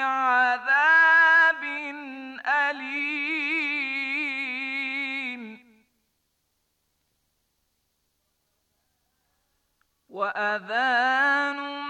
عذاب أليم وأذان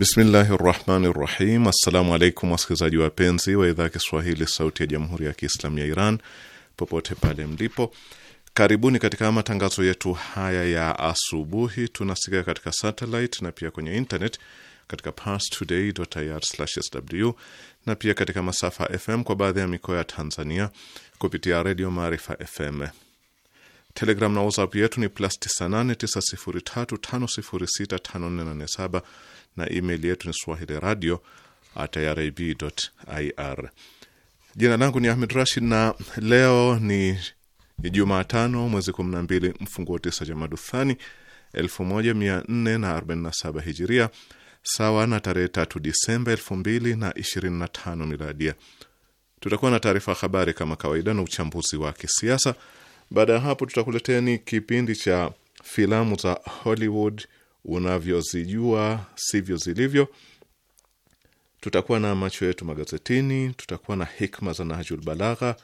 Bismillahi rahmani rahim. Assalamu alaikum wasikilizaji wapenzi wa idhaa ya Kiswahili sauti ya jamhuri ya Kiislamu ya Iran popote pale mlipo, karibuni katika matangazo yetu haya ya asubuhi. Tunasikika katika satelit na pia kwenye internet katika parstoday.ir/sw na pia katika masafa FM kwa baadhi ya mikoa ya Tanzania kupitia redio Maarifa FM. Telegram na WhatsApp yetu ni plus 989035065487 na email yetu ni swahili radio at irib.ir. Jina langu ni Ahmed Rashid na leo ni Jumatano mwezi 12 mfunguo 9 Jamaduthani 1447 hijiria sawa na tarehe 3 Disemba 2025 miladia. Tutakuwa na taarifa habari kama kawaida na uchambuzi wa kisiasa. Baada ya hapo, tutakuleteni kipindi cha filamu za Hollywood unavyozijua sivyo zilivyo. Tutakuwa na macho yetu magazetini, tutakuwa na hikma za Nahjul Balagha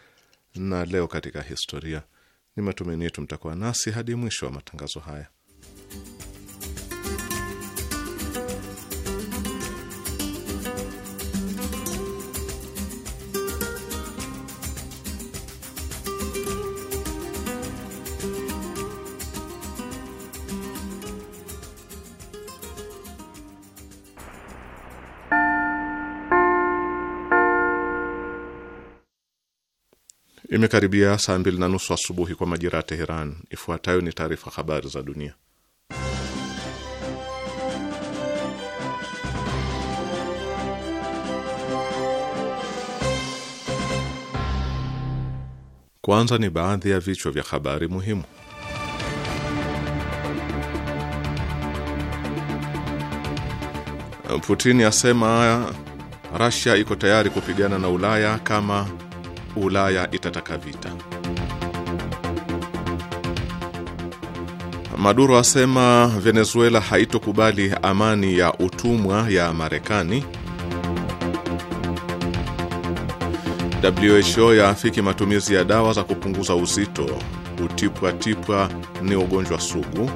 na leo katika historia. Ni matumaini yetu mtakuwa nasi hadi mwisho wa matangazo haya. Imekaribia saa mbili na nusu asubuhi kwa majira ya Teheran. Ifuatayo ni taarifa habari za dunia. Kwanza ni baadhi ya vichwa vya habari muhimu. Putin asema Russia iko tayari kupigana na Ulaya kama Ulaya itataka vita. Maduro asema Venezuela haitokubali amani ya utumwa ya Marekani. WHO yaafiki matumizi ya dawa za kupunguza uzito. utipwatipwa ni ugonjwa sugu.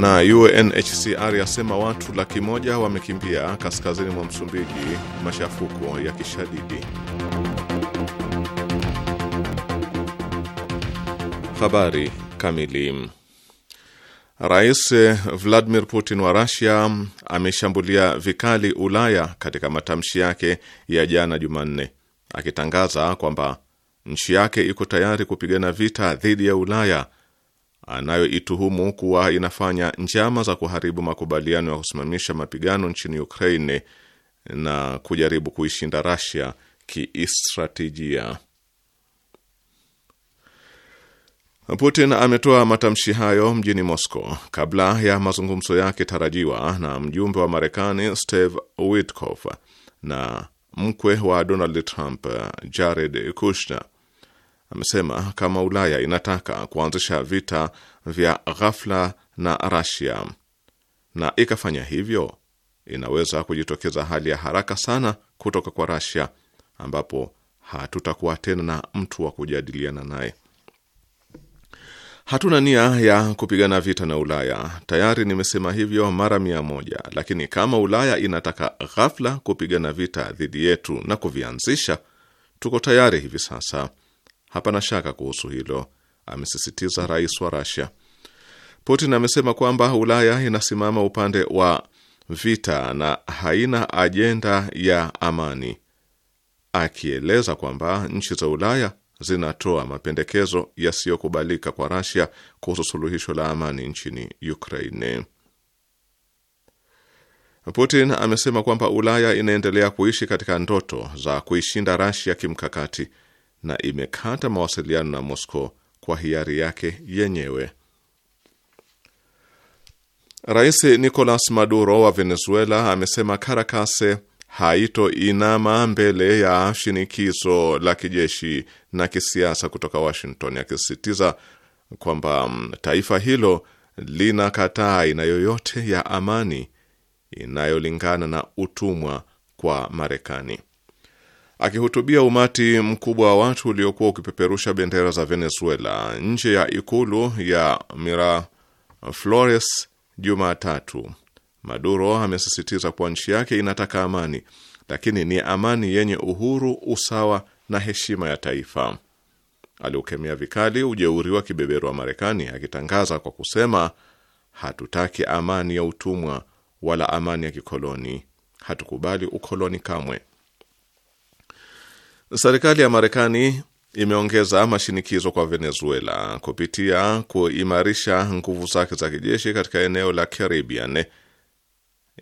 Na UNHCR yasema watu laki moja wamekimbia kaskazini mwa Msumbiji machafuko ya kishadidi. Habari kamili. Rais Vladimir Putin wa Russia ameshambulia vikali Ulaya katika matamshi yake ya jana Jumanne, akitangaza kwamba nchi yake iko tayari kupigana vita dhidi ya Ulaya anayoituhumu kuwa inafanya njama za kuharibu makubaliano ya kusimamisha mapigano nchini Ukraine na kujaribu kuishinda Russia kistratejia Putin ametoa matamshi hayo mjini Moscow kabla ya mazungumzo yake tarajiwa na mjumbe wa Marekani Steve Witkoff na mkwe wa Donald Trump Jared Kushner amesema kama Ulaya inataka kuanzisha vita vya ghafla na Rasia na ikafanya hivyo, inaweza kujitokeza hali ya haraka sana kutoka kwa Rasia ambapo hatutakuwa tena na mtu wa kujadiliana naye. Hatuna nia ya kupigana vita na Ulaya. Tayari nimesema hivyo mara mia moja, lakini kama Ulaya inataka ghafla kupigana vita dhidi yetu na kuvianzisha, tuko tayari hivi sasa hapana shaka kuhusu hilo, amesisitiza rais wa rasia Putin amesema kwamba Ulaya inasimama upande wa vita na haina ajenda ya amani, akieleza kwamba nchi za Ulaya zinatoa mapendekezo yasiyokubalika kwa rasia kuhusu suluhisho la amani nchini Ukraine. Putin amesema kwamba Ulaya inaendelea kuishi katika ndoto za kuishinda rasia kimkakati na imekata mawasiliano na Moscow kwa hiari yake yenyewe. Rais Nicolas Maduro wa Venezuela amesema Caracas haitoinama mbele ya shinikizo la kijeshi na kisiasa kutoka Washington, akisisitiza kwamba mm, taifa hilo lina kataa aina yoyote ya amani inayolingana na utumwa kwa Marekani. Akihutubia umati mkubwa wa watu uliokuwa ukipeperusha bendera za Venezuela nje ya ikulu ya Miraflores Jumatatu, Maduro amesisitiza kuwa nchi yake inataka amani, lakini ni amani yenye uhuru, usawa na heshima ya taifa. Aliukemea vikali ujeuri wa kibeberu wa Marekani akitangaza kwa kusema, hatutaki amani ya utumwa wala amani ya kikoloni, hatukubali ukoloni kamwe. Serikali ya Marekani imeongeza mashinikizo kwa Venezuela kupitia kuimarisha nguvu zake za kijeshi katika eneo la Caribbean,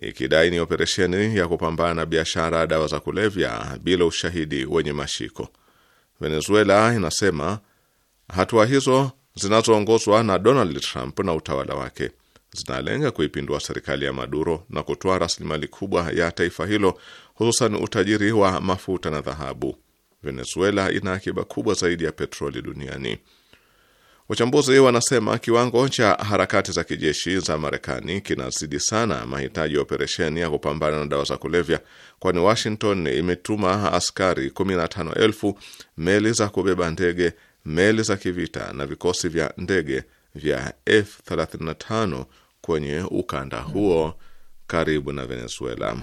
ikidai ni operesheni ya kupambana na biashara ya dawa za kulevya bila ushahidi wenye mashiko. Venezuela inasema hatua hizo zinazoongozwa na Donald Trump na utawala wake zinalenga kuipindua serikali ya Maduro na kutoa rasilimali kubwa ya taifa hilo, hususan utajiri wa mafuta na dhahabu. Venezuela ina akiba kubwa zaidi ya petroli duniani. Wachambuzi wanasema kiwango cha harakati za kijeshi za Marekani kinazidi sana mahitaji ya operesheni ya kupambana na dawa za kulevya, kwani Washington imetuma askari 15,000, meli za kubeba ndege, meli za kivita na vikosi vya ndege vya F35 kwenye ukanda huo karibu na Venezuela.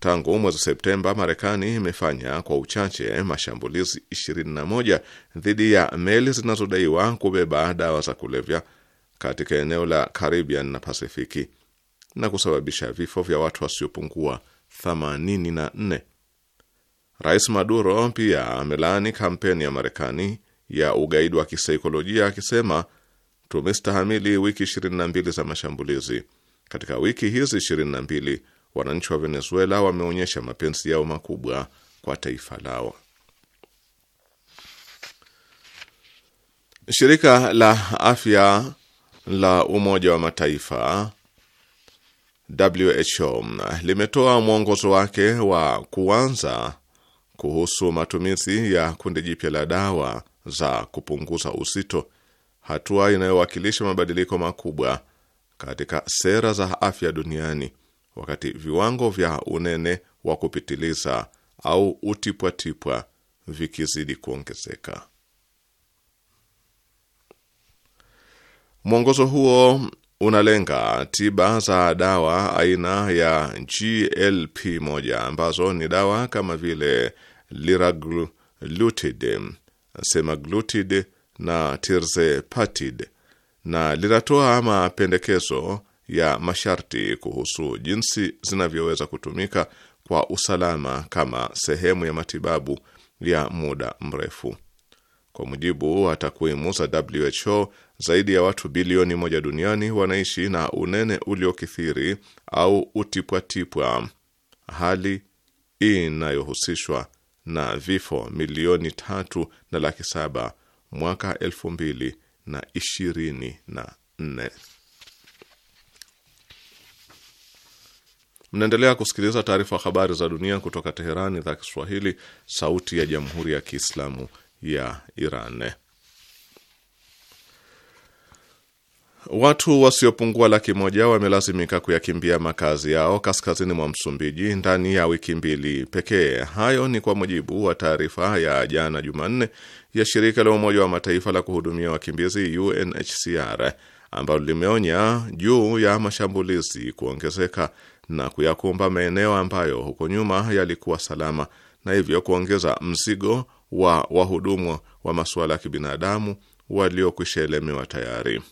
Tangu mwezi Septemba, Marekani imefanya kwa uchache mashambulizi 21 dhidi ya meli zinazodaiwa kubeba dawa za kulevya katika eneo la Caribbean na Pasifiki na kusababisha vifo vya watu wasiopungua 84. Rais Maduro pia amelaani kampeni ya Marekani ya ugaidi wa kisaikolojia akisema, tumestahamili wiki 22 za mashambulizi. Katika wiki hizi 22 wananchi wa Venezuela wameonyesha mapenzi yao makubwa kwa taifa lao. Shirika la afya la Umoja wa Mataifa WHO limetoa mwongozo wake wa kuanza kuhusu matumizi ya kundi jipya la dawa za kupunguza uzito, hatua inayowakilisha mabadiliko makubwa katika sera za afya duniani wakati viwango vya unene wa kupitiliza au utipwatipwa vikizidi kuongezeka. Mwongozo huo unalenga tiba za dawa aina ya GLP-1 ambazo ni dawa kama vile liraglutid, semaglutid na tirzepatid, na linatoa mapendekezo ya masharti kuhusu jinsi zinavyoweza kutumika kwa usalama kama sehemu ya matibabu ya muda mrefu. Kwa mujibu wa takwimu za WHO, zaidi ya watu bilioni moja duniani wanaishi na unene uliokithiri au utipwatipwa, hali inayohusishwa na vifo milioni tatu na laki saba mwaka elfu mbili na ishirini na nne. Mnaendelea kusikiliza taarifa habari za dunia kutoka Teherani, idhaa Kiswahili, sauti ya jamhuri ya kiislamu ya Iran. Watu wasiopungua laki moja wamelazimika kuyakimbia makazi yao kaskazini mwa Msumbiji ndani ya wiki mbili pekee. Hayo ni kwa mujibu wa taarifa ya jana Jumanne ya shirika la Umoja wa Mataifa la kuhudumia wakimbizi UNHCR ambalo limeonya juu ya mashambulizi kuongezeka na kuyakumba maeneo ambayo huko nyuma yalikuwa salama na hivyo kuongeza mzigo wa wahudumu wa masuala ya kibinadamu waliokwisha elemewa tayari.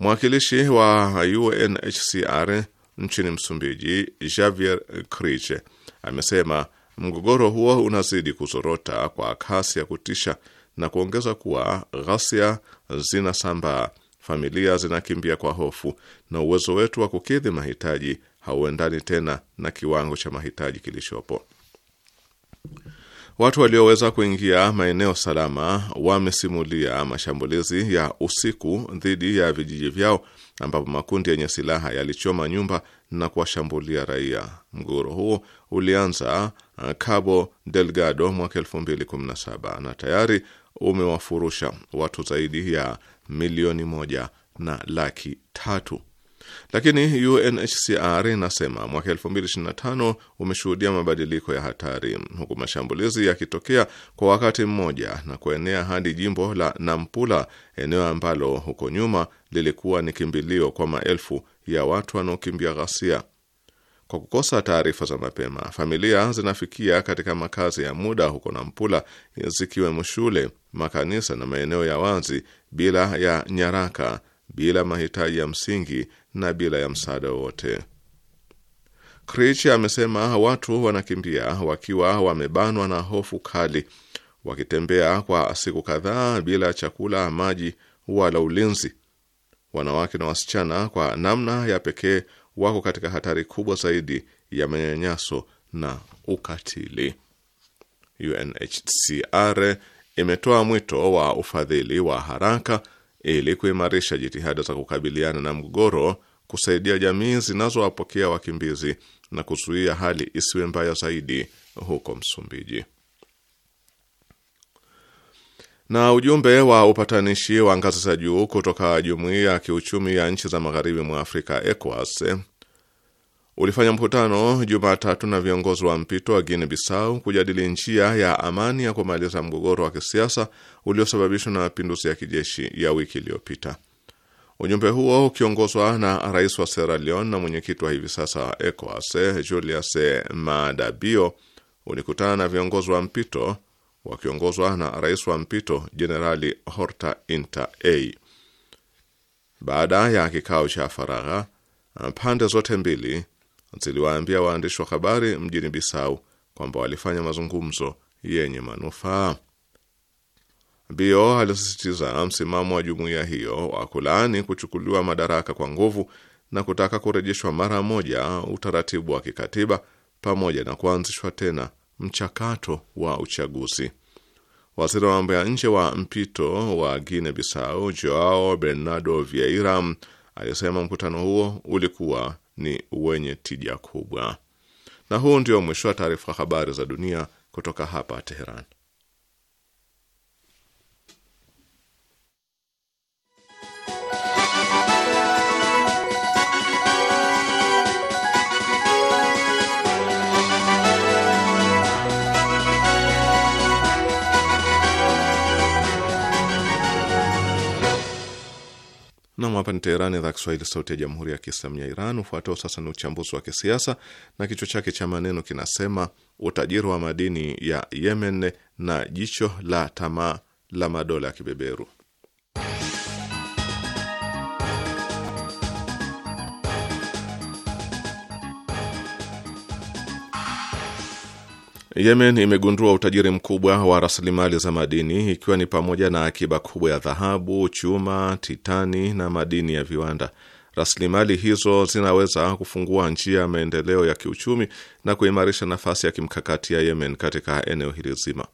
Mwakilishi wa UNHCR nchini Msumbiji, Javier Kriche, amesema mgogoro huo unazidi kuzorota kwa kasi ya kutisha na kuongeza kuwa ghasia zinasambaa familia zinakimbia kwa hofu na uwezo wetu wa kukidhi mahitaji hauendani tena na kiwango cha mahitaji kilichopo. Watu walioweza kuingia maeneo salama wamesimulia mashambulizi ya usiku dhidi ya vijiji vyao ambapo makundi yenye silaha yalichoma nyumba na kuwashambulia raia. Mgogoro huo ulianza uh, Cabo Delgado mwaka 2017 na tayari umewafurusha watu zaidi ya milioni moja na laki tatu. Lakini UNHCR inasema mwaka 2025 umeshuhudia mabadiliko ya hatari, huku mashambulizi yakitokea kwa wakati mmoja na kuenea hadi jimbo la Nampula, eneo ambalo huko nyuma lilikuwa ni kimbilio kwa maelfu ya watu wanaokimbia ghasia. Kwa kukosa taarifa za mapema, familia zinafikia katika makazi ya muda huko Nampula, zikiwemo shule, makanisa na maeneo ya wazi, bila ya nyaraka, bila mahitaji ya msingi na bila ya msaada wowote. Krich amesema watu wanakimbia wakiwa wamebanwa na hofu kali, wakitembea kwa siku kadhaa bila chakula, maji wala ulinzi. Wanawake na wasichana kwa namna ya pekee wako katika hatari kubwa zaidi ya manyanyaso na ukatili. UNHCR imetoa mwito wa ufadhili wa haraka ili kuimarisha jitihada za kukabiliana na mgogoro, kusaidia jamii zinazowapokea wakimbizi na kuzuia hali isiwe mbaya zaidi huko Msumbiji. Na ujumbe wa upatanishi wa ngazi za juu kutoka jumuiya ya kiuchumi ya nchi za magharibi mwa Afrika ECOWAS ulifanya mkutano Jumatatu na viongozi wa mpito wa Guinea Bissau kujadili njia ya amani ya kumaliza mgogoro wa kisiasa uliosababishwa na mapinduzi ya kijeshi ya wiki iliyopita. Ujumbe huo ukiongozwa na rais wa Sierra Leone na mwenyekiti wa hivi sasa wa ECOWAS Julius Maada Bio ulikutana na viongozi wa mpito wakiongozwa na rais wa mpito Jenerali Horta inte A. Baada ya kikao cha faragha, pande zote mbili ziliwaambia waandishi wa habari mjini Bisau kwamba walifanya mazungumzo yenye manufaa. Bio alisisitiza msimamo wa jumuiya hiyo wa kulaani kuchukuliwa madaraka kwa nguvu na kutaka kurejeshwa mara moja utaratibu wa kikatiba pamoja na kuanzishwa tena mchakato wa uchaguzi. Waziri wa mambo ya nje wa mpito wa guine Bissau, Joao Bernardo Vieira, alisema mkutano huo ulikuwa ni wenye tija kubwa. Na huu ndio mwisho wa taarifa habari za dunia kutoka hapa Teheran. Nam, hapa ni Teherani, idhaa Kiswahili, sauti ya jamhuri ya kiislamu ya Iran. Ufuatao sasa ni uchambuzi wa kisiasa na kichwa chake cha maneno kinasema utajiri wa madini ya Yemen na jicho la tamaa la madola ya kibeberu. Yemen imegundua utajiri mkubwa wa rasilimali za madini ikiwa ni pamoja na akiba kubwa ya dhahabu, chuma, titani na madini ya viwanda. Rasilimali hizo zinaweza kufungua njia ya maendeleo ya kiuchumi na kuimarisha nafasi ya kimkakati ya Yemen katika eneo hili zima.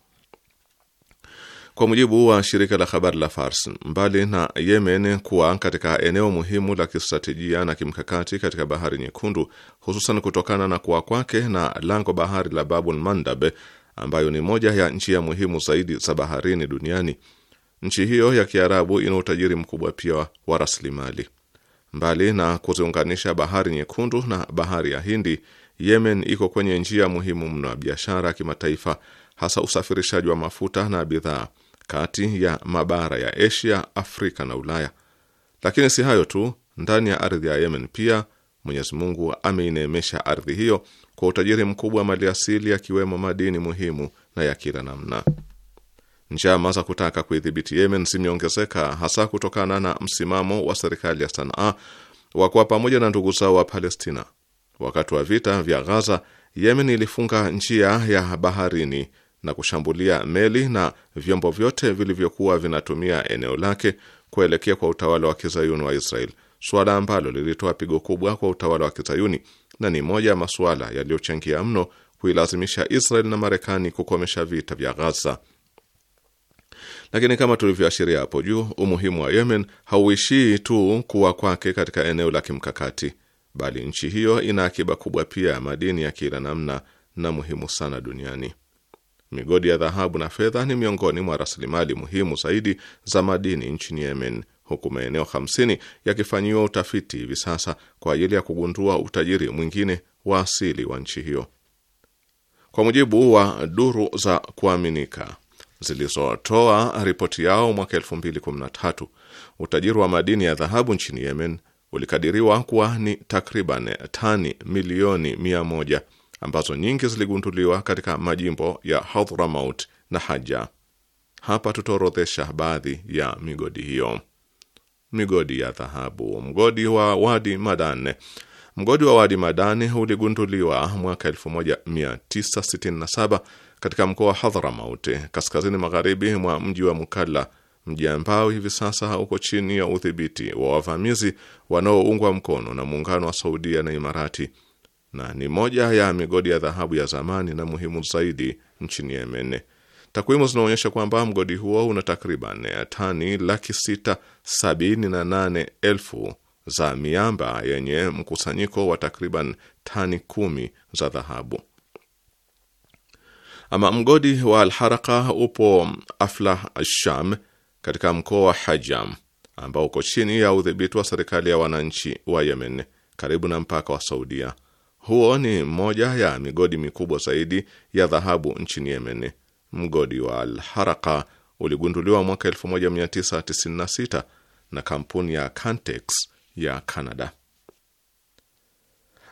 Kwa mujibu wa shirika la habari la Fars, mbali na Yemen kuwa katika eneo muhimu la kistratejia na kimkakati katika bahari Nyekundu, hususan kutokana na kuwa kwake na lango bahari la Babul Mandab ambayo ni moja ya nchi ya muhimu zaidi za baharini duniani, nchi hiyo ya Kiarabu ina utajiri mkubwa pia wa rasilimali. Mbali na kuziunganisha bahari Nyekundu na bahari ya Hindi, Yemen iko kwenye njia muhimu mno ya biashara ya kimataifa, hasa usafirishaji wa mafuta na bidhaa kati ya mabara ya Asia, Afrika na Ulaya. Lakini si hayo tu, ndani ya ardhi ya Yemen pia Mwenyezi Mungu ameineemesha ardhi hiyo kwa utajiri mkubwa wa maliasili yakiwemo madini muhimu na ya kila namna. Njama za kutaka kuidhibiti Yemen zimeongezeka hasa kutokana na msimamo wa serikali ya Sanaa wa kuwa pamoja na ndugu zao wa Palestina. Wakati wa vita vya Ghaza, Yemen ilifunga njia ya baharini na kushambulia meli na vyombo vyote vilivyokuwa vinatumia eneo lake kuelekea kwa utawala wa kizayuni wa Israel, suala ambalo lilitoa pigo kubwa kwa utawala wa kizayuni na ni moja ya masuala yaliyochangia mno kuilazimisha Israel na Marekani kukomesha vita vya Ghaza. Lakini kama tulivyoashiria hapo juu, umuhimu wa Yemen hauishii tu kuwa kwake katika eneo la kimkakati, bali nchi hiyo ina akiba kubwa pia ya madini ya kila namna na muhimu sana duniani. Migodi ya dhahabu na fedha ni miongoni mwa rasilimali muhimu zaidi za madini nchini Yemen, huku maeneo 50 yakifanyiwa utafiti hivi sasa kwa ajili ya kugundua utajiri mwingine wa asili wa nchi hiyo. Kwa mujibu wa duru za kuaminika zilizotoa ripoti yao mwaka 2013, utajiri wa madini ya dhahabu nchini Yemen ulikadiriwa kuwa ni takriban tani milioni moja ambazo nyingi ziligunduliwa katika majimbo ya Hadhramaut na Haja. Hapa tutaorodhesha baadhi ya migodi hiyo: migodi ya dhahabu, mgodi wa Wadi Madan. Mgodi wa Wadi Madane uligunduliwa mwaka 1967 katika mkoa wa Hadhramaut, kaskazini magharibi mwa mji wa Mukalla, mji ambao hivi sasa uko chini ya udhibiti wa wavamizi wanaoungwa mkono na muungano wa Saudia na Imarati na ni moja ya migodi ya dhahabu ya zamani na muhimu zaidi nchini Yemen. Takwimu zinaonyesha kwamba mgodi huo una takriban tani laki sita sabini na nane elfu za miamba yenye mkusanyiko wa takriban tani kumi za dhahabu. Ama mgodi wa Alharaka upo Afla Sham katika mkoa wa Hajam ambao uko chini ya udhibiti wa serikali ya wananchi wa Yemen karibu na mpaka wa Saudia. Huo ni moja ya migodi mikubwa zaidi ya dhahabu nchini Yemen. Mgodi wa Al-Haraka uligunduliwa mwaka 1996 na kampuni ya Cantex ya Canada.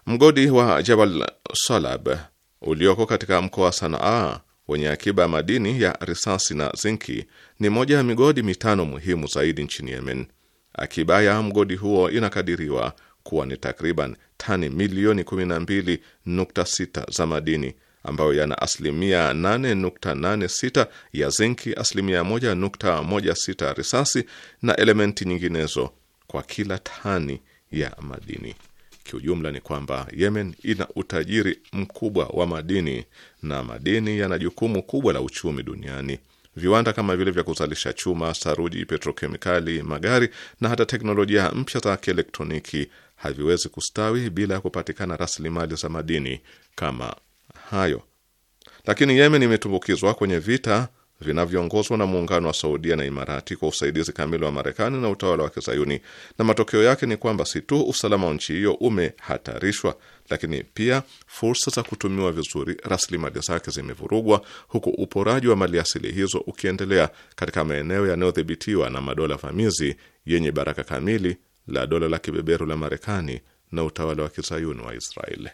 Mgodi wa Jabal Salab ulioko katika mkoa wa Sanaa wenye akiba ya madini ya risasi na zinki ni moja ya migodi mitano muhimu zaidi nchini Yemen. Akiba ya mgodi huo inakadiriwa kuwa ni takriban tani milioni 12.6 za madini ambayo yana asilimia 8.86 ya zinki, asilimia 1.16 risasi na elementi nyinginezo kwa kila tani ya madini. Kiujumla ni kwamba Yemen ina utajiri mkubwa wa madini na madini yana jukumu kubwa la uchumi duniani. Viwanda kama vile vya kuzalisha chuma, saruji, petrokemikali, magari na hata teknolojia mpya za kielektroniki haviwezi kustawi bila ya kupatikana rasilimali za madini kama hayo. Lakini Yemen imetumbukizwa kwenye vita vinavyoongozwa na muungano wa Saudia na Imarati kwa usaidizi kamili wa Marekani na utawala wa Kizayuni, na matokeo yake ni kwamba si tu usalama wa nchi hiyo umehatarishwa, lakini pia fursa za kutumiwa vizuri rasilimali zake zimevurugwa, huku uporaji wa maliasili hizo ukiendelea katika maeneo yanayodhibitiwa na madola vamizi yenye baraka kamili la dola la kibeberu la Marekani na utawala wa kizayuni wa Israeli.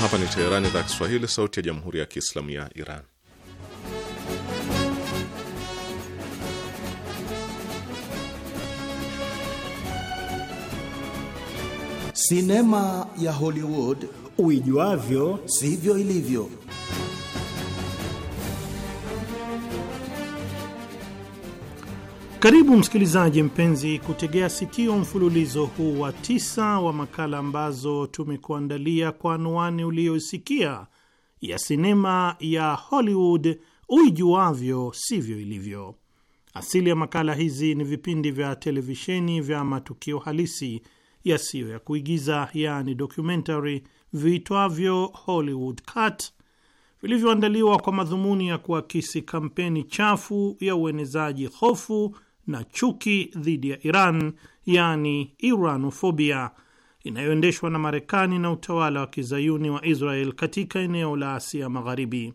Hapa ni Teherani, idhaa Kiswahili, sauti ya jamhuri ya kiislamu ya Iran. Sinema ya Hollywood uijuavyo sivyo ilivyo. Karibu msikilizaji mpenzi kutegea sikio mfululizo huu wa tisa wa makala ambazo tumekuandalia kwa anwani uliyosikia ya sinema ya Hollywood uijuavyo sivyo ilivyo. Asili ya makala hizi ni vipindi vya televisheni vya matukio halisi yasiyo ya kuigiza yani documentary viitwavyo Hollywood Cut vilivyoandaliwa kwa madhumuni ya kuakisi kampeni chafu ya uenezaji hofu na chuki dhidi ya Iran yani Iranofobia inayoendeshwa na Marekani na utawala wa kizayuni wa Israel katika eneo la Asia Magharibi.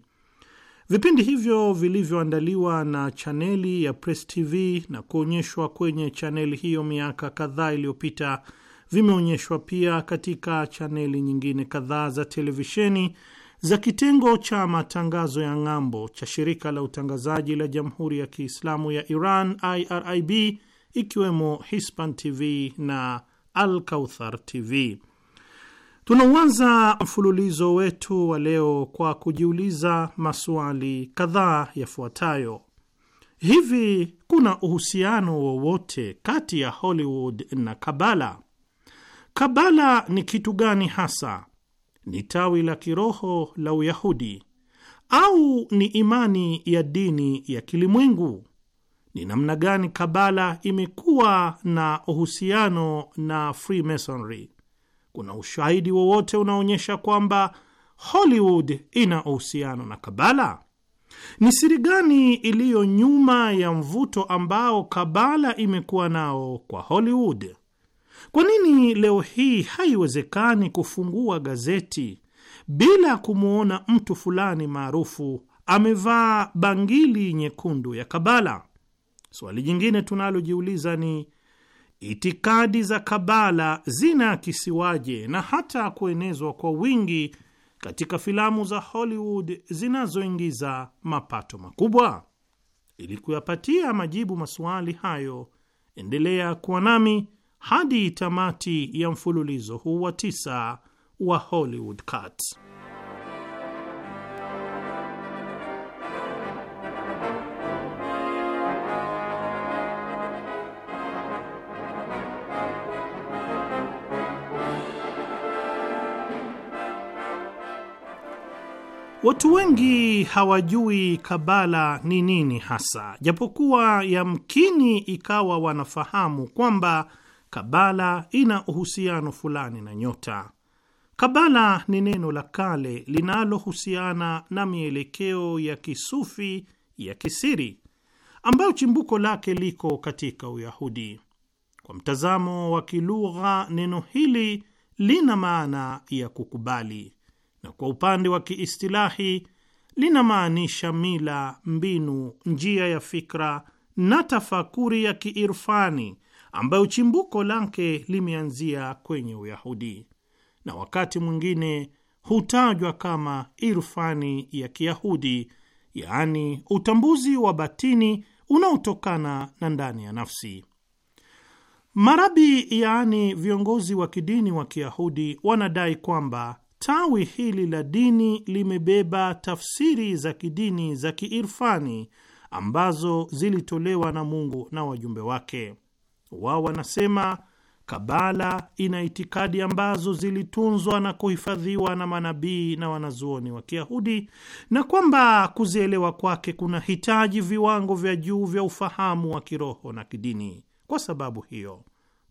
Vipindi hivyo vilivyoandaliwa na chaneli ya Press TV na kuonyeshwa kwenye chaneli hiyo miaka kadhaa iliyopita vimeonyeshwa pia katika chaneli nyingine kadhaa za televisheni za kitengo cha matangazo ya ng'ambo cha shirika la utangazaji la Jamhuri ya Kiislamu ya Iran IRIB ikiwemo Hispan TV na Al Kauthar TV. Tunauanza mfululizo wetu wa leo kwa kujiuliza maswali kadhaa yafuatayo. Hivi kuna uhusiano wowote kati ya Hollywood na Kabala? Kabala ni kitu gani hasa? Ni tawi la kiroho la Uyahudi au ni imani ya dini ya kilimwengu? Ni namna gani Kabala imekuwa na uhusiano na Freemasonry? Kuna ushahidi wowote unaonyesha kwamba Hollywood ina uhusiano na Kabala? Ni siri gani iliyo nyuma ya mvuto ambao Kabala imekuwa nao kwa Hollywood? Kwa nini leo hii haiwezekani kufungua gazeti bila kumwona mtu fulani maarufu amevaa bangili nyekundu ya Kabala? Swali jingine tunalojiuliza ni itikadi za Kabala zinaakisiwaje na hata kuenezwa kwa wingi katika filamu za Hollywood zinazoingiza mapato makubwa? Ili kuyapatia majibu maswali hayo, endelea kuwa nami hadi tamati ya mfululizo huu wa tisa wa Hollywood Cut. Watu wengi hawajui Kabala ni nini hasa, japokuwa yamkini ikawa wanafahamu kwamba Kabala ina uhusiano fulani na nyota. Kabala ni neno la kale linalohusiana na mielekeo ya kisufi ya kisiri ambayo chimbuko lake liko katika Uyahudi. Kwa mtazamo wa kilugha, neno hili lina maana ya kukubali, na kwa upande wa kiistilahi linamaanisha mila, mbinu, njia ya fikra na tafakuri ya kiirfani ambayo chimbuko lake limeanzia kwenye Uyahudi na wakati mwingine hutajwa kama irfani ya Kiyahudi, yaani utambuzi wa batini unaotokana na ndani ya nafsi. Marabi, yaani viongozi wa kidini wa Kiyahudi, wanadai kwamba tawi hili la dini limebeba tafsiri za kidini za kiirfani ambazo zilitolewa na Mungu na wajumbe wake wao wanasema Kabala ina itikadi ambazo zilitunzwa na kuhifadhiwa na manabii na wanazuoni wa Kiyahudi na kwamba kuzielewa kwake kuna hitaji viwango vya juu vya ufahamu wa kiroho na kidini. Kwa sababu hiyo,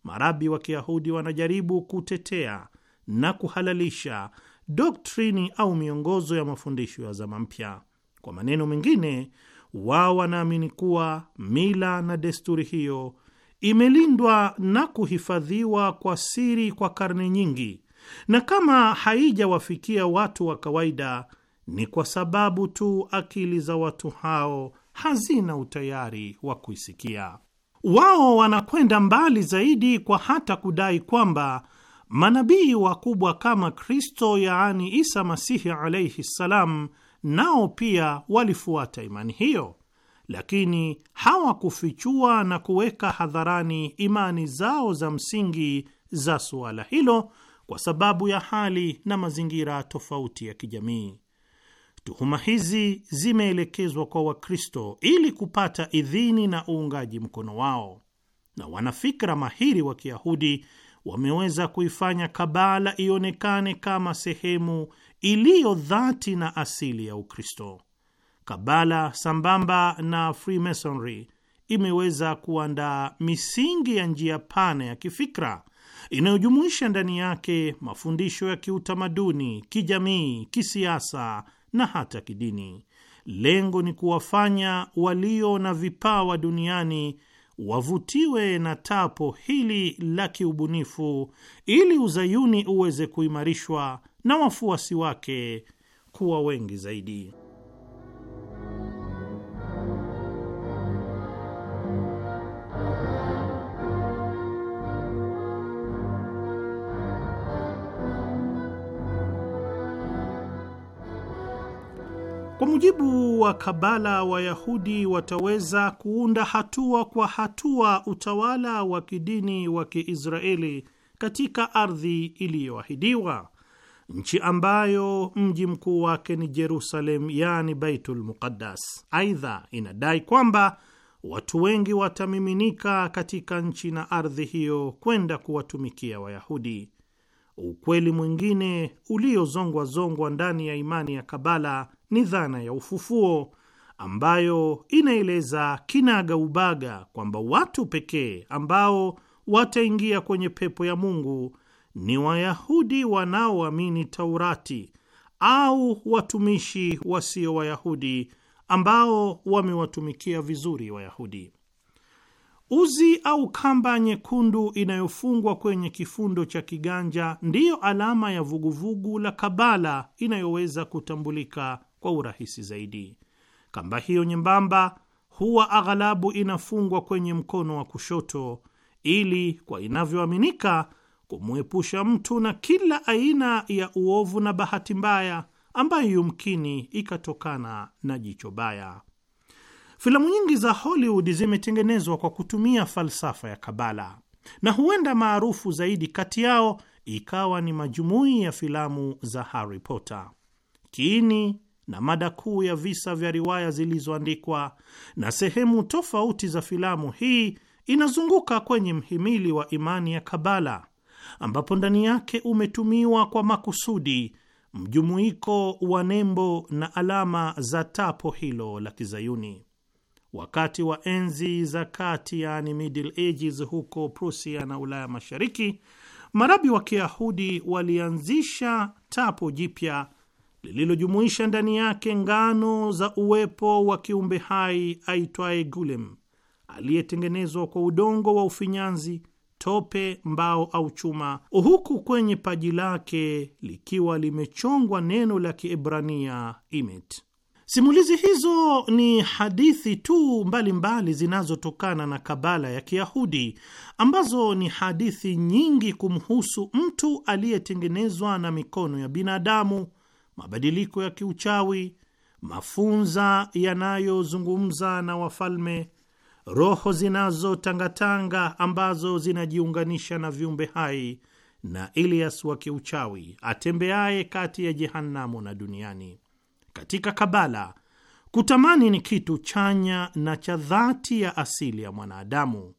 marabi wa Kiyahudi wanajaribu kutetea na kuhalalisha doktrini au miongozo ya mafundisho ya zama mpya. Kwa maneno mengine, wao wanaamini kuwa mila na desturi hiyo imelindwa na kuhifadhiwa kwa siri kwa karne nyingi, na kama haijawafikia watu wa kawaida ni kwa sababu tu akili za watu hao hazina utayari wa kuisikia. Wao wanakwenda mbali zaidi kwa hata kudai kwamba manabii wakubwa kama Kristo, yaani Isa Masihi alaihi ssalam, nao pia walifuata imani hiyo lakini hawakufichua na kuweka hadharani imani zao za msingi za suala hilo kwa sababu ya hali na mazingira tofauti ya kijamii. Tuhuma hizi zimeelekezwa kwa Wakristo ili kupata idhini na uungaji mkono wao, na wanafikra mahiri wa Kiyahudi wameweza kuifanya Kabala ionekane kama sehemu iliyo dhati na asili ya Ukristo. Kabala sambamba na Freemasonry imeweza kuandaa misingi ya njia pana ya kifikra inayojumuisha ndani yake mafundisho ya kiutamaduni, kijamii, kisiasa na hata kidini. Lengo ni kuwafanya walio na vipawa duniani wavutiwe na tapo hili la kiubunifu ili uzayuni uweze kuimarishwa na wafuasi wake kuwa wengi zaidi. Kwa mujibu wa Kabala, Wayahudi wataweza kuunda hatua kwa hatua utawala wa kidini wa Kiisraeli katika ardhi iliyoahidiwa, nchi ambayo mji mkuu wake ni Jerusalem, yani Baitul Muqaddas. Aidha, inadai kwamba watu wengi watamiminika katika nchi na ardhi hiyo kwenda kuwatumikia Wayahudi. Ukweli mwingine uliozongwazongwa ndani ya imani ya Kabala ni dhana ya ufufuo ambayo inaeleza kinaga ubaga kwamba watu pekee ambao wataingia kwenye pepo ya Mungu ni Wayahudi wanaoamini Taurati au watumishi wasio Wayahudi ambao wamewatumikia vizuri Wayahudi. Uzi au kamba nyekundu inayofungwa kwenye kifundo cha kiganja ndiyo alama ya vuguvugu la Kabala inayoweza kutambulika kwa urahisi zaidi. Kamba hiyo nyembamba huwa aghalabu inafungwa kwenye mkono wa kushoto ili kwa inavyoaminika kumwepusha mtu na kila aina ya uovu na bahati mbaya ambayo yumkini ikatokana na jicho baya. Filamu nyingi za Hollywood zimetengenezwa kwa kutumia falsafa ya Kabala, na huenda maarufu zaidi kati yao ikawa ni majumui ya filamu za Harry Potter. Kiini na mada kuu ya visa vya riwaya zilizoandikwa na sehemu tofauti za filamu hii inazunguka kwenye mhimili wa imani ya Kabala ambapo ndani yake umetumiwa kwa makusudi mjumuiko wa nembo na alama za tapo hilo la Kizayuni. Wakati wa enzi za kati, yani Middle Ages, huko prusia na Ulaya Mashariki, marabi wa Kiyahudi walianzisha tapo jipya lililojumuisha ndani yake ngano za uwepo wa kiumbe hai aitwaye Gulem aliyetengenezwa kwa udongo wa ufinyanzi, tope, mbao au chuma, huku kwenye paji lake likiwa limechongwa neno la Kiebrania Imet. Simulizi hizo ni hadithi tu mbalimbali zinazotokana na Kabala ya Kiyahudi ambazo ni hadithi nyingi kumhusu mtu aliyetengenezwa na mikono ya binadamu mabadiliko ya kiuchawi, mafunza yanayozungumza na wafalme, roho zinazotangatanga ambazo zinajiunganisha na viumbe hai na elias wa kiuchawi atembeaye kati ya jehanamu na duniani. Katika Kabala, kutamani ni kitu chanya na cha dhati ya asili ya mwanadamu.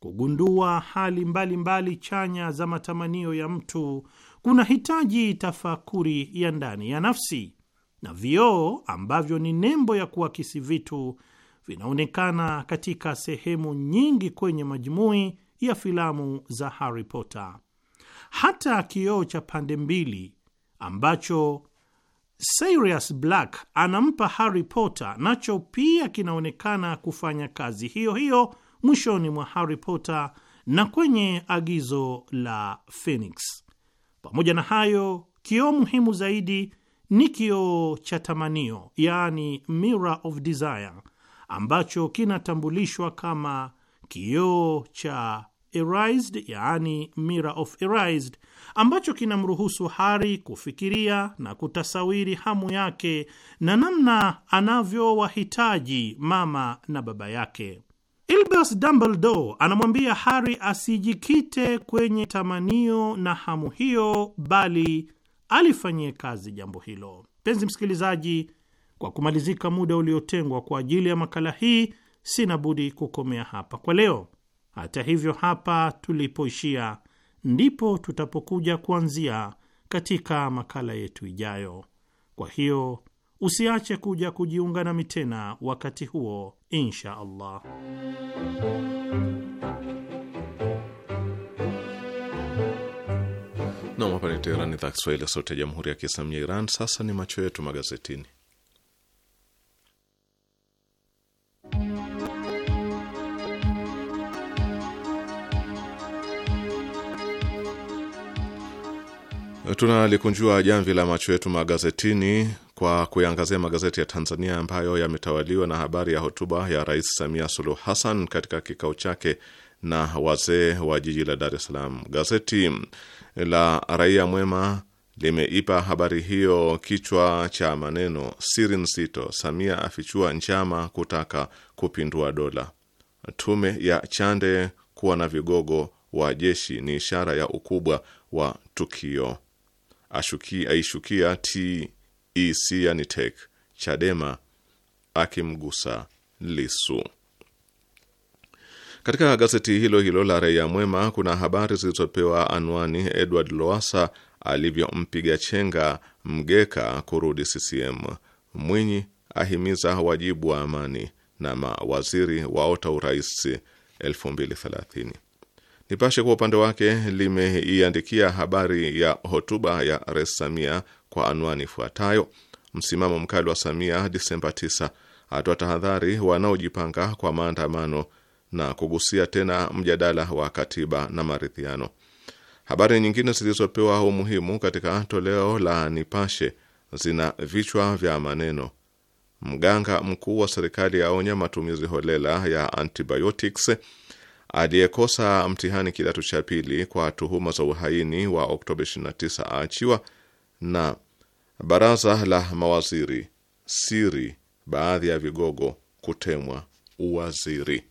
Kugundua hali mbalimbali mbali chanya za matamanio ya mtu kuna hitaji tafakuri ya ndani ya nafsi, na vioo ambavyo ni nembo ya kuakisi vitu vinaonekana katika sehemu nyingi kwenye majumui ya filamu za Harry Potter. Hata kioo cha pande mbili ambacho Sirius Black anampa Harry Potter nacho pia kinaonekana kufanya kazi hiyo hiyo mwishoni mwa Harry Potter na kwenye Agizo la Phoenix. Pamoja na hayo, kioo muhimu zaidi ni kioo cha tamanio, yaani mirror of desire, ambacho kinatambulishwa kama kioo cha erised, yani mirror of erised ambacho kinamruhusu Hari kufikiria na kutasawiri hamu yake na namna anavyowahitaji mama na baba yake. Ilbus Dumbledore anamwambia Harry asijikite kwenye tamanio na hamu hiyo, bali alifanyie kazi jambo hilo. Mpenzi msikilizaji, kwa kumalizika muda uliotengwa kwa ajili ya makala hii, sina budi kukomea hapa kwa leo. Hata hivyo, hapa tulipoishia ndipo tutapokuja kuanzia katika makala yetu ijayo. Kwa hiyo Usiache kuja kujiunga nami tena wakati huo, insha Allah. Nam, hapa ni Teherani, idhaa Kiswahili, sauti ya jamhuri ya kiislamia Iran. Sasa ni macho yetu magazetini. Tunalikunjua jamvi la macho yetu magazetini kwa kuyangazia magazeti ya Tanzania ambayo yametawaliwa na habari ya hotuba ya Rais Samia Suluhu Hassan katika kikao chake na wazee wa jiji la Dar es Salaam. Gazeti la Raia Mwema limeipa habari hiyo kichwa cha maneno, siri nzito, Samia afichua njama kutaka kupindua dola, tume ya Chande kuwa na vigogo wa jeshi ni ishara ya ukubwa wa tukio aishukia TEC yani TEC Chadema akimgusa Lisu. Katika gazeti hilo hilo la Raia Mwema kuna habari zilizopewa anwani Edward loasa alivyompiga chenga Mgeka kurudi CCM, Mwinyi ahimiza wajibu wa amani na mawaziri waota urais 2030. Nipashe kwa upande wake limeiandikia habari ya hotuba ya Rais Samia kwa anwani ifuatayo: msimamo mkali wa Samia Disemba 9, atoa tahadhari wanaojipanga kwa maandamano na kugusia tena mjadala wa katiba na maridhiano. Habari nyingine zilizopewa umuhimu katika toleo la Nipashe zina vichwa vya maneno: mganga mkuu wa serikali aonya matumizi holela ya antibiotics aliyekosa mtihani kidato cha pili kwa tuhuma za uhaini wa Oktoba 29 aachiwa, na baraza la mawaziri siri baadhi ya vigogo kutemwa uwaziri.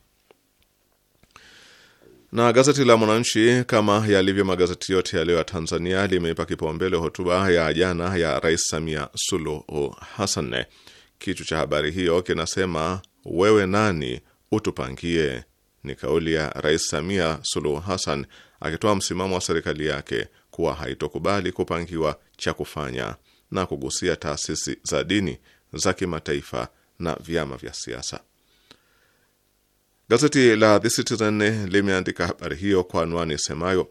Na gazeti la Mwananchi, kama yalivyo magazeti yote yaliyo ya Tanzania, limeipa kipaumbele hotuba ya jana ya Rais Samia Suluhu Hassan. Kichwa cha habari hiyo kinasema wewe nani utupangie ni kauli ya Rais Samia Suluhu Hassan akitoa msimamo wa serikali yake kuwa haitokubali kupangiwa cha kufanya na kugusia taasisi za dini za kimataifa na vyama vya siasa. Gazeti la The Citizen limeandika habari hiyo kwa anwani isemayo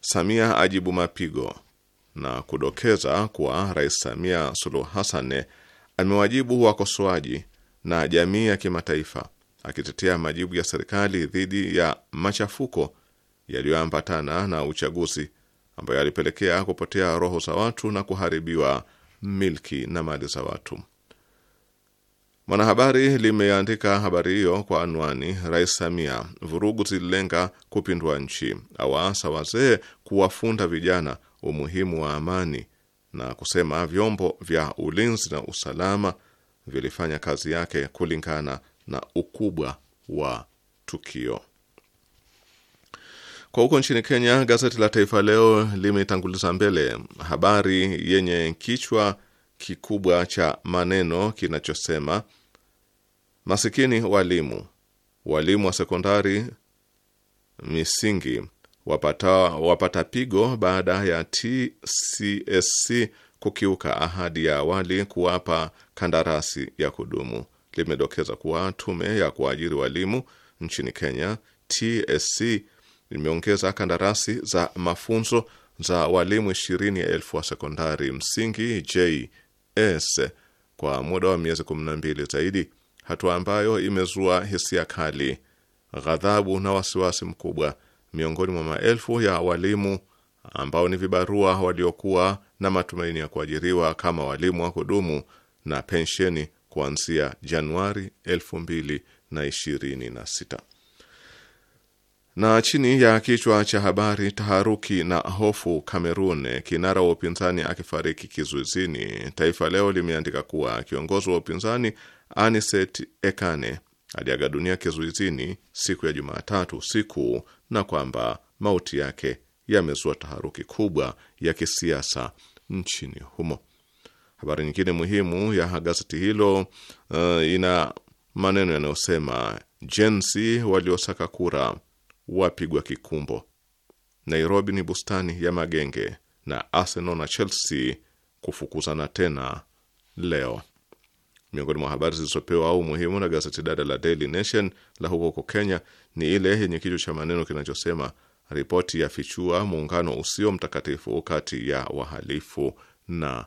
Samia ajibu mapigo na kudokeza kuwa Rais Samia Suluhu Hassan amewajibu wakosoaji na jamii ya kimataifa akitetea majibu ya serikali dhidi ya machafuko yaliyoambatana na uchaguzi ambayo yalipelekea kupotea roho za watu na kuharibiwa milki na mali za watu. Mwanahabari limeandika habari hiyo kwa anwani, Rais Samia, vurugu zililenga kupindua nchi, awaasa wazee kuwafunda vijana umuhimu wa amani, na kusema vyombo vya ulinzi na usalama vilifanya kazi yake kulingana na ukubwa wa tukio. Kwa huko nchini Kenya, gazeti la Taifa Leo limetanguliza mbele habari yenye kichwa kikubwa cha maneno kinachosema masikini walimu, walimu wa sekondari misingi wapata, wapata pigo baada ya TCSC kukiuka ahadi ya awali kuwapa kandarasi ya kudumu limedokeza kuwa tume ya kuajiri walimu nchini Kenya, TSC, limeongeza kandarasi za mafunzo za walimu ishirini elfu wa sekondari msingi JS kwa muda wa miezi 12 zaidi, hatua ambayo imezua hisia kali, ghadhabu na wasiwasi mkubwa miongoni mwa maelfu ya walimu ambao ni vibarua waliokuwa na matumaini ya kuajiriwa kama walimu wa kudumu na pensheni kuanzia Januari 2026. Na chini ya kichwa cha habari taharuki na hofu Kamerun, kinara wa upinzani akifariki kizuizini, Taifa Leo limeandika kuwa kiongozi wa upinzani Aniset Ekane aliaga dunia kizuizini siku ya Jumatatu usiku na kwamba mauti yake yamezua taharuki kubwa ya kisiasa nchini humo. Habari nyingine muhimu ya gazeti hilo uh, ina maneno yanayosema jensi waliosaka kura wapigwa kikumbo, Nairobi ni bustani ya magenge, na Arsenal na Chelsea kufukuzana tena leo. Miongoni mwa habari zilizopewa au muhimu na gazeti dada la Daily Nation la huko huko Kenya ni ile yenye kichwa cha maneno kinachosema ripoti ya fichua muungano usio mtakatifu kati ya wahalifu na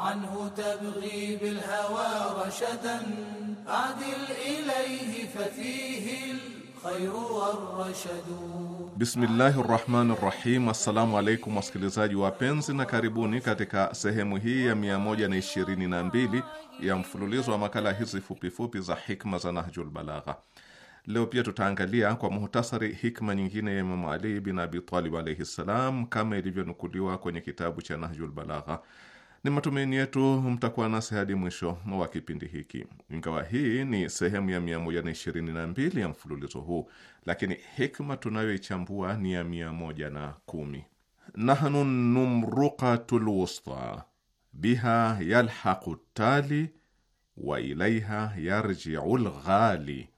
عنه تبغي بالهوى رشدا أعدل إليه ففيه الخير والرشد Bismillahi rahmani rahim. Assalamu alaikum wasikilizaji wapenzi, na karibuni katika sehemu hii ya 122 ya mfululizo wa makala hizi fupifupi za hikma za Nahjul Balagha. Leo pia tutaangalia kwa muhtasari hikma nyingine ya Imamu Ali bin Abi Talib alaihi ssalam, kama ilivyonukuliwa kwenye kitabu cha Nahjul Balagha. Ni matumaini yetu mtakuwa nasi hadi mwisho wa kipindi hiki. Ingawa hii ni sehemu ya 122 ya mfululizo huu, lakini hikma tunayoichambua ni ya 110. Nahnu numruqatu lwusta biha yalhaqu tali wa ilaiha yarjiu lghali,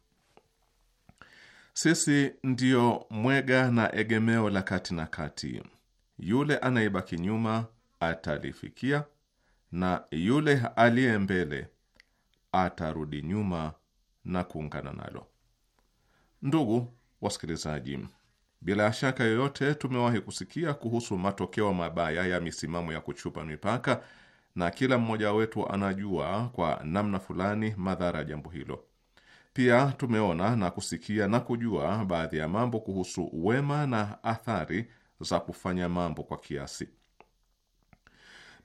sisi ndiyo mwega na egemeo la kati na kati, yule anayebaki nyuma atalifikia na yule aliye mbele atarudi nyuma na kuungana nalo. Ndugu wasikilizaji, bila shaka yoyote tumewahi kusikia kuhusu matokeo mabaya ya misimamo ya kuchupa mipaka, na kila mmoja wetu anajua kwa namna fulani madhara ya jambo hilo. Pia tumeona na kusikia na kujua baadhi ya mambo kuhusu wema na athari za kufanya mambo kwa kiasi.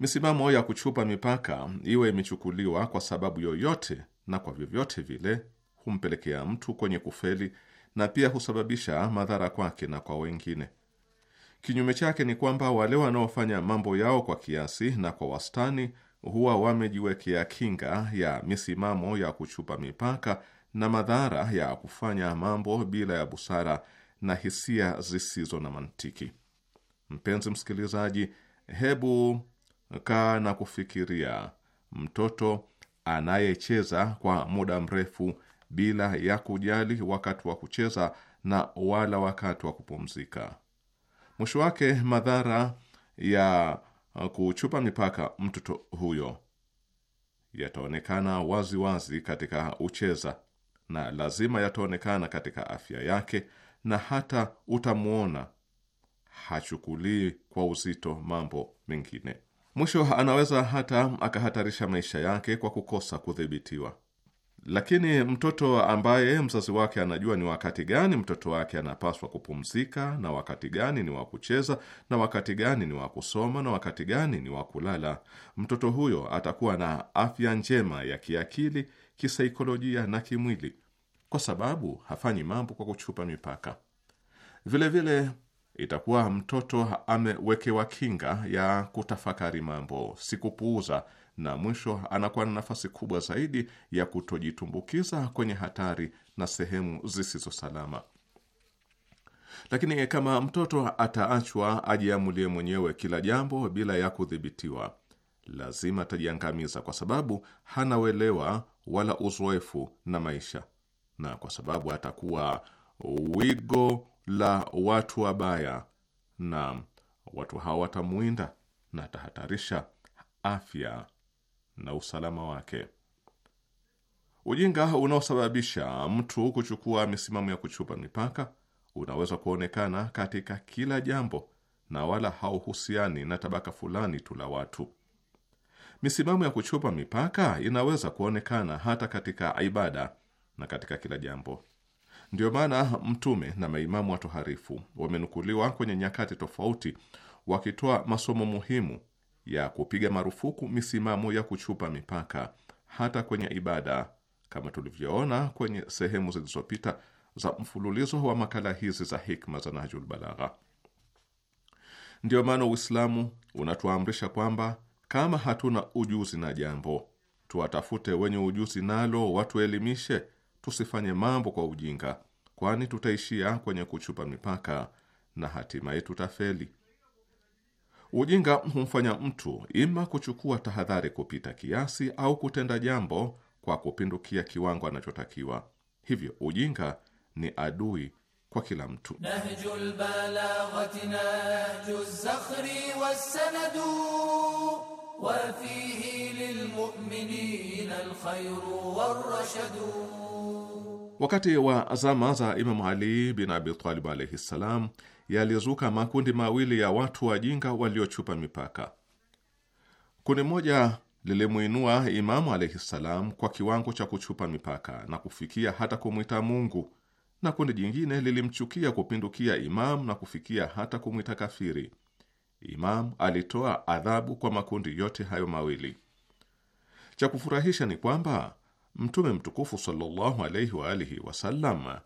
Misimamo ya kuchupa mipaka iwe imechukuliwa kwa sababu yoyote na kwa vyovyote vile humpelekea mtu kwenye kufeli na pia husababisha madhara kwake na kwa wengine. Kinyume chake ni kwamba wale wanaofanya mambo yao kwa kiasi na kwa wastani huwa wamejiwekea kinga ya misimamo ya kuchupa mipaka na madhara ya kufanya mambo bila ya busara na hisia zisizo na mantiki. Mpenzi msikilizaji, hebu Kaa na kufikiria mtoto anayecheza kwa muda mrefu bila ya kujali wakati wa kucheza na wala wakati wa kupumzika. Mwisho wake madhara ya uh, kuchupa mipaka mtoto huyo yataonekana wazi wazi katika ucheza, na lazima yataonekana katika afya yake, na hata utamwona hachukulii kwa uzito mambo mengine. Mwisho anaweza hata akahatarisha maisha yake kwa kukosa kudhibitiwa. Lakini mtoto ambaye mzazi wake anajua ni wakati gani mtoto wake anapaswa kupumzika na wakati gani ni wa kucheza na wakati gani ni wa kusoma na wakati gani ni wa kulala, mtoto huyo atakuwa na afya njema ya kiakili, kisaikolojia na kimwili, kwa sababu hafanyi mambo kwa kuchupa mipaka. Vilevile vile, itakuwa mtoto amewekewa kinga ya kutafakari mambo, si kupuuza, na mwisho anakuwa na nafasi kubwa zaidi ya kutojitumbukiza kwenye hatari na sehemu zisizo salama. Lakini kama mtoto ataachwa ajiamulie mwenyewe kila jambo bila ya kudhibitiwa, lazima atajiangamiza, kwa sababu hana uelewa wala uzoefu na maisha, na kwa sababu atakuwa wigo la watu wabaya, na watu hawa watamwinda na atahatarisha afya na usalama wake. Ujinga unaosababisha mtu kuchukua misimamo ya kuchupa mipaka unaweza kuonekana katika kila jambo na wala hauhusiani na tabaka fulani tu la watu. Misimamo ya kuchupa mipaka inaweza kuonekana hata katika ibada na katika kila jambo. Ndiyo maana Mtume na maimamu watoharifu wamenukuliwa kwenye nyakati tofauti wakitoa masomo muhimu ya kupiga marufuku misimamo ya kuchupa mipaka hata kwenye ibada, kama tulivyoona kwenye sehemu zilizopita za mfululizo wa makala hizi za hikma za Nahjul Balagha. Ndiyo maana Uislamu unatuamrisha kwamba kama hatuna ujuzi na jambo, tuwatafute wenye ujuzi nalo watuelimishe tusifanye mambo kwa ujinga, kwani tutaishia kwenye kuchupa mipaka na hatimaye tutafeli. Ujinga humfanya mtu ima kuchukua tahadhari kupita kiasi au kutenda jambo kwa kupindukia kiwango anachotakiwa. Hivyo ujinga ni adui kwa kila mtu. Nahjul balaghati zakhri wassanadu وفيه للمؤمنين الخير والرشد Wakati wa zama za Imamu Ali bin Abi Talib alaihi ssalam, yalizuka makundi mawili ya watu wajinga waliochupa mipaka. Kundi moja lilimuinua Imamu alaihi ssalam kwa kiwango cha kuchupa mipaka na kufikia hata kumwita Mungu, na kundi jingine lilimchukia kupindukia Imamu na kufikia hata kumwita kafiri. Imam alitoa adhabu kwa makundi yote hayo mawili. Cha kufurahisha ni kwamba Mtume mtukufu sallallahu wa alihi wasallam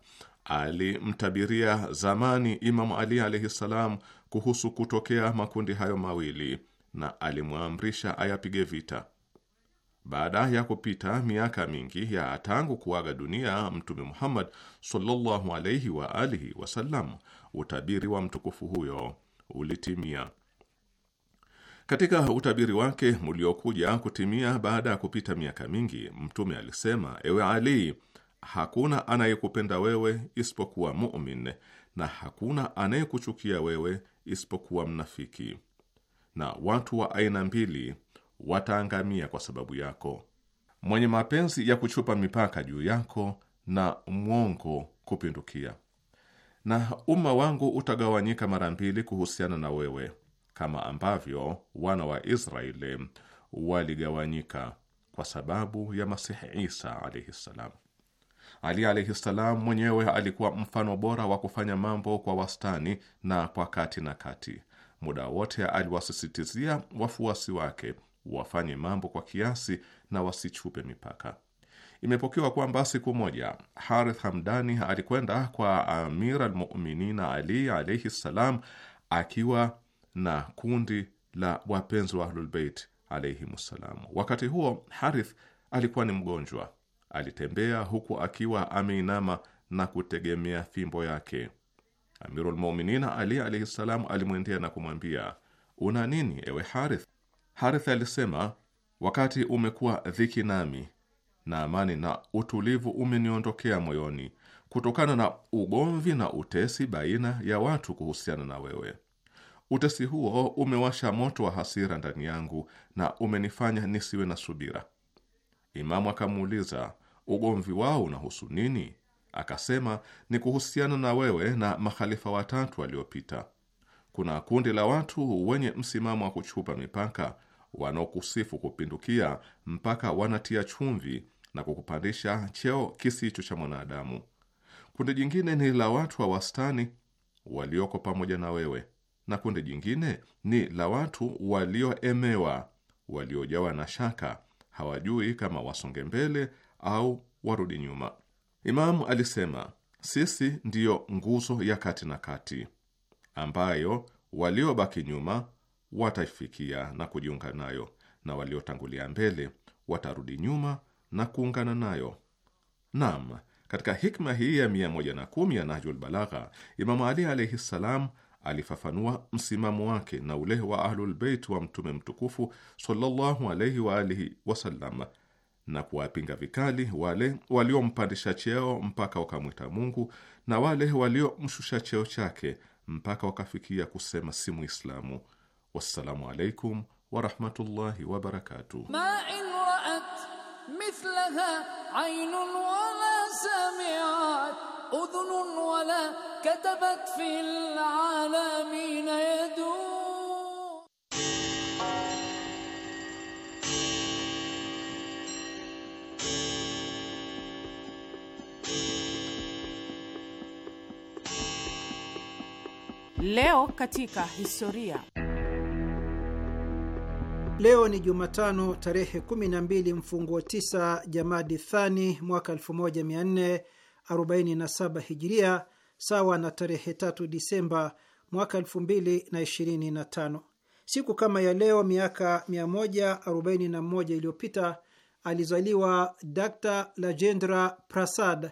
alimtabiria zamani Imamu Ali alaihi ssalam kuhusu kutokea makundi hayo mawili na alimwamrisha ayapige vita. Baada ya kupita miaka mingi ya tangu kuaga dunia Mtume Muhammad sallallahu wa alihi wasallam, utabiri wa mtukufu huyo ulitimia. Katika utabiri wake uliokuja kutimia baada ya kupita miaka mingi, Mtume alisema: ewe Ali, hakuna anayekupenda wewe isipokuwa mumin, na hakuna anayekuchukia wewe isipokuwa mnafiki, na watu wa aina mbili wataangamia kwa sababu yako, mwenye mapenzi ya kuchupa mipaka juu yako na mwongo kupindukia, na umma wangu utagawanyika mara mbili kuhusiana na wewe kama ambavyo wana wa Israeli waligawanyika kwa sababu ya Masihi Isa alaihi ssalam. Ali alaihi ssalam mwenyewe alikuwa mfano bora wa kufanya mambo kwa wastani na kwa kati na kati. Muda wote aliwasisitizia wafuasi wake wafanye mambo kwa kiasi na wasichupe mipaka. Imepokewa kwamba siku moja Harith Hamdani alikwenda kwa Amir almuminina Ali alaihi ssalam akiwa na kundi la wapenzi wa Ahlulbeit alaihimussalamu. Wakati huo Harith alikuwa ni mgonjwa, alitembea huku akiwa ameinama na kutegemea fimbo yake. Amirul Mu'minin Ali alaihi alimwendea na kumwambia, una nini ewe Harith? Harith alisema, wakati umekuwa dhiki nami na amani na utulivu umeniondokea moyoni kutokana na ugomvi na utesi baina ya watu kuhusiana na wewe. Utesi huo umewasha moto wa hasira ndani yangu na umenifanya nisiwe na subira. Imamu akamuuliza, ugomvi wao unahusu nini? Akasema, ni kuhusiana na wewe na makhalifa watatu waliopita. Kuna kundi la watu wenye msimamo wa kuchupa mipaka, wanaokusifu kupindukia mpaka wanatia chumvi na kukupandisha cheo kisicho cha mwanadamu. Kundi jingine ni la watu wa wastani walioko pamoja na wewe na kundi jingine ni la watu walioemewa, waliojawa na shaka, hawajui kama wasonge mbele au warudi nyuma. Imamu alisema sisi ndiyo nguzo ya kati na kati ambayo waliobaki nyuma wataifikia na kujiunga nayo na waliotangulia mbele watarudi nyuma na kuungana nayo. Naam, katika hikma hii ya 11 ya Nahjul Balagha, Imamu Ali alaihi ssalam alifafanua msimamo wake na ule wa Ahlulbeit wa Mtume mtukufu sallallahu alaihi wa alihi wasallam na kuwapinga vikali wale waliompandisha cheo mpaka wakamwita Mungu na wale waliomshusha cheo chake mpaka wakafikia kusema si Muislamu. Wassalamu alaikum warahmatullahi wabarakatuh. أذن ولا كتبت في العالمين يد Leo katika historia. Leo ni Jumatano tarehe 12 mfunguo 9 Jamadi Thani mwaka 47 hijiria sawa na tarehe 3 Disemba mwaka 2025. Siku kama ya leo miaka 141 iliyopita alizaliwa Dr. Rajendra Prasad,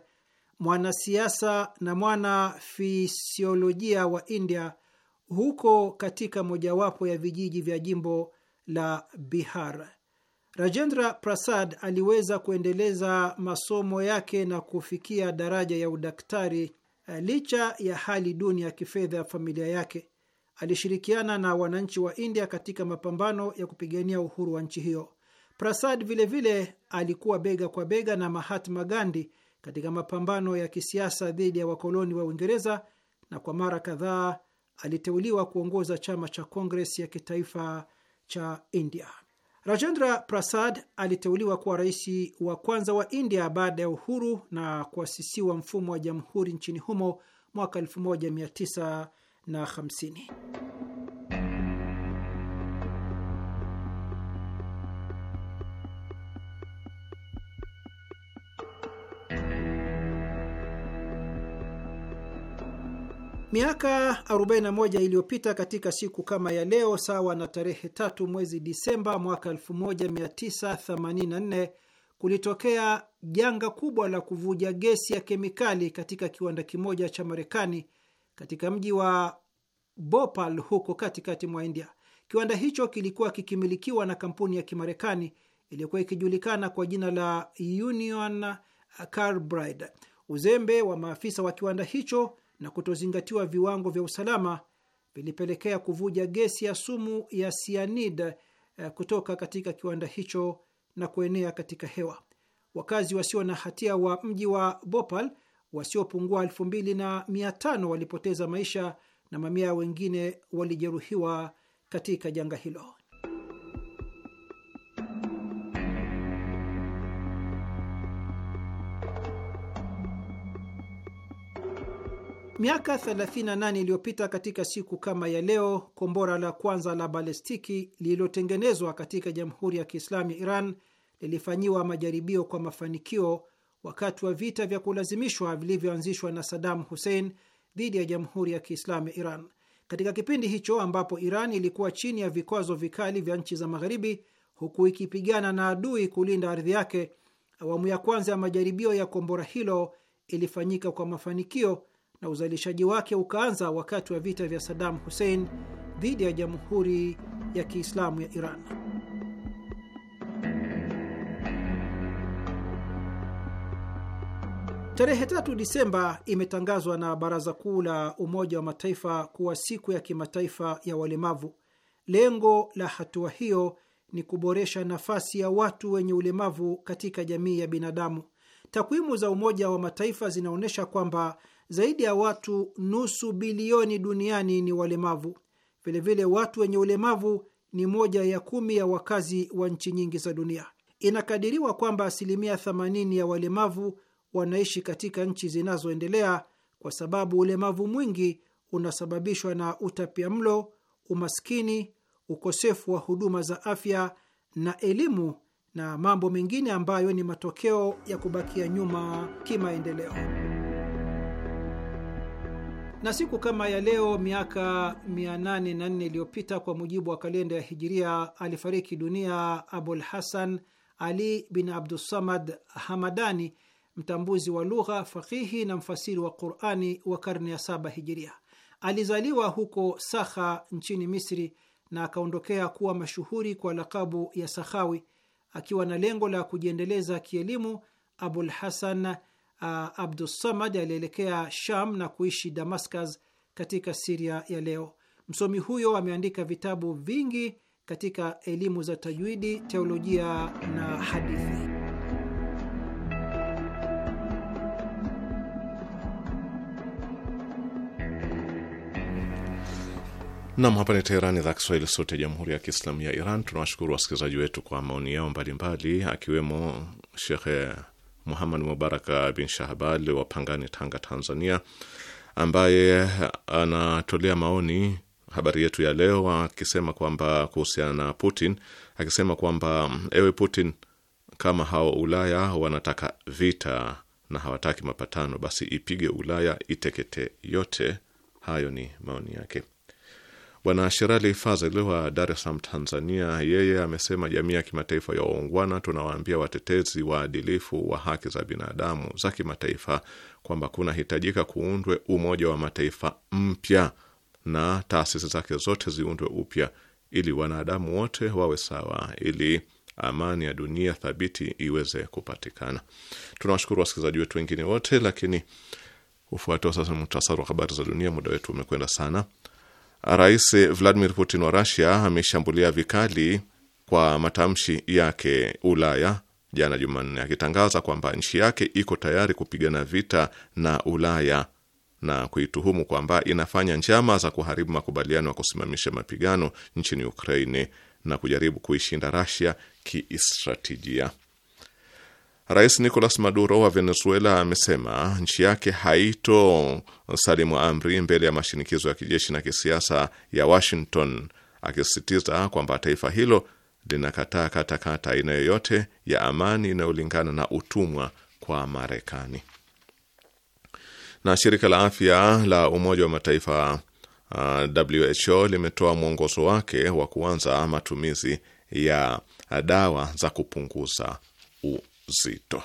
mwanasiasa na mwana fisiolojia wa India, huko katika mojawapo ya vijiji vya jimbo la Bihar. Rajendra Prasad aliweza kuendeleza masomo yake na kufikia daraja ya udaktari eh, licha ya hali duni ya kifedha ya familia yake. Alishirikiana na wananchi wa India katika mapambano ya kupigania uhuru wa nchi hiyo. Prasad vilevile vile alikuwa bega kwa bega na Mahatma Gandhi katika mapambano ya kisiasa dhidi ya wakoloni wa Uingereza na kwa mara kadhaa aliteuliwa kuongoza chama cha Kongres ya kitaifa cha India. Rajendra Prasad aliteuliwa kuwa rais wa kwanza wa India baada ya uhuru na kuasisiwa mfumo wa jamhuri nchini humo mwaka 1950. Miaka 41 iliyopita katika siku kama ya leo, sawa na tarehe tatu mwezi Disemba mwaka 1984 kulitokea janga kubwa la kuvuja gesi ya kemikali katika kiwanda kimoja cha Marekani katika mji wa Bhopal huko katikati mwa India. Kiwanda hicho kilikuwa kikimilikiwa na kampuni ya Kimarekani iliyokuwa ikijulikana kwa jina la Union Carbide. Uzembe wa maafisa wa kiwanda hicho na kutozingatiwa viwango vya usalama vilipelekea kuvuja gesi ya sumu ya sianid eh, kutoka katika kiwanda hicho na kuenea katika hewa. Wakazi wasio na hatia wa mji wa Bhopal wasiopungua elfu mbili na mia tano walipoteza maisha na mamia wengine walijeruhiwa katika janga hilo. Miaka 38 iliyopita katika siku kama ya leo, kombora la kwanza la balestiki lililotengenezwa katika Jamhuri ya Kiislamu ya Iran lilifanyiwa majaribio kwa mafanikio wakati wa vita vya kulazimishwa vilivyoanzishwa na Saddam Hussein dhidi ya Jamhuri ya Kiislamu ya Iran. Katika kipindi hicho ambapo Iran ilikuwa chini ya vikwazo vikali vya nchi za Magharibi, huku ikipigana na adui kulinda ardhi yake, awamu ya kwanza ya majaribio ya kombora hilo ilifanyika kwa mafanikio na uzalishaji wake ukaanza wakati wa vita vya Saddam Hussein dhidi ya Jamhuri ya Kiislamu ya Iran. Tarehe tatu Disemba imetangazwa na Baraza Kuu la Umoja wa Mataifa kuwa siku ya kimataifa ya walemavu. Lengo la hatua hiyo ni kuboresha nafasi ya watu wenye ulemavu katika jamii ya binadamu. Takwimu za Umoja wa Mataifa zinaonyesha kwamba zaidi ya watu nusu bilioni duniani ni walemavu. Vilevile watu wenye ulemavu ni moja ya kumi ya wakazi wa nchi nyingi za dunia. Inakadiriwa kwamba asilimia 80 ya walemavu wanaishi katika nchi zinazoendelea kwa sababu ulemavu mwingi unasababishwa na utapiamlo, umaskini, ukosefu wa huduma za afya na elimu na mambo mengine ambayo ni matokeo ya kubakia nyuma kimaendeleo. Na siku kama ya leo miaka 804 iliyopita kwa mujibu wa kalenda ya Hijiria, alifariki dunia Abul Hasan Ali bin Abdussamad Hamadani, mtambuzi wa lugha, fakihi na mfasiri wa Qurani wa karne ya saba Hijiria. Alizaliwa huko Sakha nchini Misri na akaondokea kuwa mashuhuri kwa lakabu ya Sakhawi. Akiwa na lengo la kujiendeleza kielimu, Abul Hasan uh, Samad alielekea Sham na kuishi Damascus katika Siria ya leo. Msomi huyo ameandika vitabu vingi katika elimu za tajwidi, teolojia na hadithi. Nam, hapa ni Teherani, idhaa Kiswahili sote ya Jamhuri ya Kiislamu ya Iran. Tunawashukuru wasikilizaji wetu kwa maoni yao mbalimbali, akiwemo Shekhe Muhammad Mubarak bin Shahbal wa Pangani, Tanga, Tanzania, ambaye anatolea maoni habari yetu ya leo akisema kwamba kuhusiana na Putin, akisema kwamba ewe Putin, kama hao Ulaya wanataka vita na hawataki mapatano, basi ipige Ulaya itekete yote. Hayo ni maoni yake. Bwana Shirali Fazil wa Dar es Salaam, Tanzania, yeye amesema jamii ya kimataifa ya waungwana, tunawaambia watetezi waadilifu wa haki za binadamu za kimataifa kwamba kunahitajika kuundwe Umoja wa Mataifa mpya na taasisi zake zote ziundwe upya ili wanadamu wote wawe sawa, ili amani ya dunia thabiti iweze kupatikana. Tunawashukuru wasikilizaji wetu wengine wote, lakini ufuatao sasa muhtasari wa habari za dunia. Muda wetu umekwenda sana. Rais Vladimir Putin wa Russia ameshambulia vikali kwa matamshi yake Ulaya jana Jumanne, akitangaza kwamba nchi yake iko tayari kupigana vita na Ulaya na kuituhumu kwamba inafanya njama za kuharibu makubaliano ya kusimamisha mapigano nchini Ukraini na kujaribu kuishinda rasia kiistratijia. Rais Nicolas Maduro wa Venezuela amesema nchi yake haito salimu amri mbele ya mashinikizo ya kijeshi na kisiasa ya Washington, akisisitiza kwamba taifa hilo linakataa katakata aina yoyote ya amani inayolingana na utumwa kwa Marekani. Na shirika la afya la Umoja wa Mataifa uh, WHO limetoa mwongozo wake wa kuanza matumizi ya dawa za kupunguza u zito.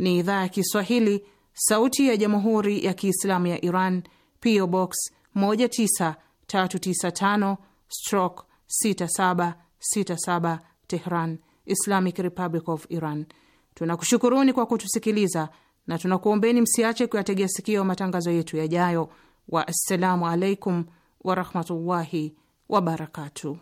ni idhaa ya Kiswahili, sauti ya jamhuri ya kiislamu ya Iran, PO Box 19395 stroke 6767 Tehran, Islamic Republic of Iran. Tunakushukuruni kwa kutusikiliza na tunakuombeni msiache kuyategea sikio matangazo yetu yajayo. wa assalamu alaikum warahmatullahi wabarakatuh.